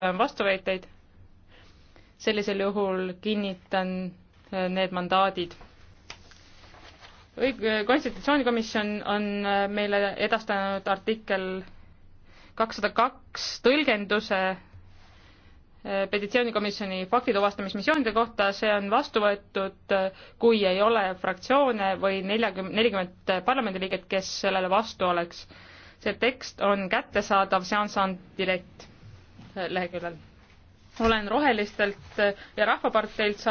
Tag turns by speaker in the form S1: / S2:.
S1: on äh, vastuväiteid, sellisel juhul kinnitan äh, need mandaadid. õig-, konstitutsioonikomisjon on äh, meile edastanud artikkel kakssada kaks tõlgenduse petitsioonikomisjoni faktituvastamismissioonide kohta, see on vastu võetud, kui ei ole fraktsioone või neljakümne, nelikümmend parlamendiliiget, kes sellele vastu oleks. see tekst on kättesaadav, see on saanud direkt leheküljel. olen Rohelistelt ja Rahvaparteilt saanud